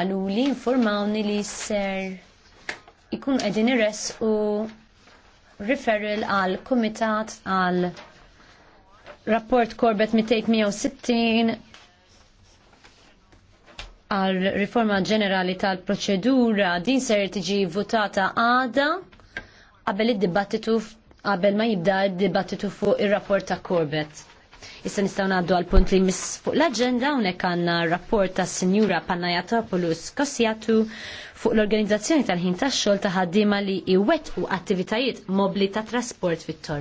għaluli informawni li ser ikun qegħdin irres u referral għal kumitat għal rapport korbet 260 għal riforma ġenerali tal-proċedura din ser tiġi votata għada qabel id-dibattitu qabel ma jibda id-dibattitu fuq ir-rapport ta' korbet. Issa nistgħu ngħaddu għal punt li mis fuq l-aġenda hawnhekk għandna rapport tas Sinjura Panajatopoulos Kossiatu fuq l-organizzazzjoni tal-ħin tax-xogħol ta' ħaddiema li iwettqu attivitajiet mobli ta' trasport fit-toru.